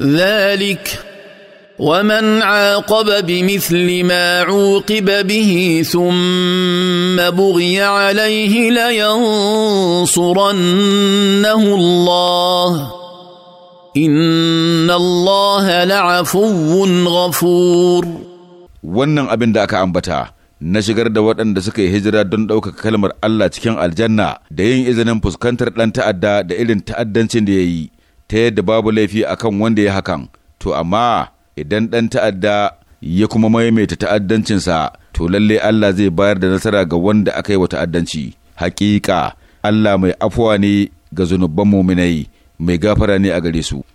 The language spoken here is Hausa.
ذلك ومن عاقب بمثل ما عوقب به ثم بغي عليه لينصرنه الله ان الله لعفو غفور wannan abin da aka ambata na shigar da waɗanda suka yi hijira don ɗaukaka kalmar Allah cikin aljanna da yin izinin fuskantar ɗan ta'adda da irin ta'addancin da ya yi ta yadda babu laifi akan wanda ya hakan to amma idan ɗan ta'adda ya kuma maimaita ta'addancinsa to lalle Allah zai bayar da nasara ga wanda aka yi wa ta'addanci haƙiƙa Allah mai afuwa ne ga zunubban muminai mai gafara ne a gare su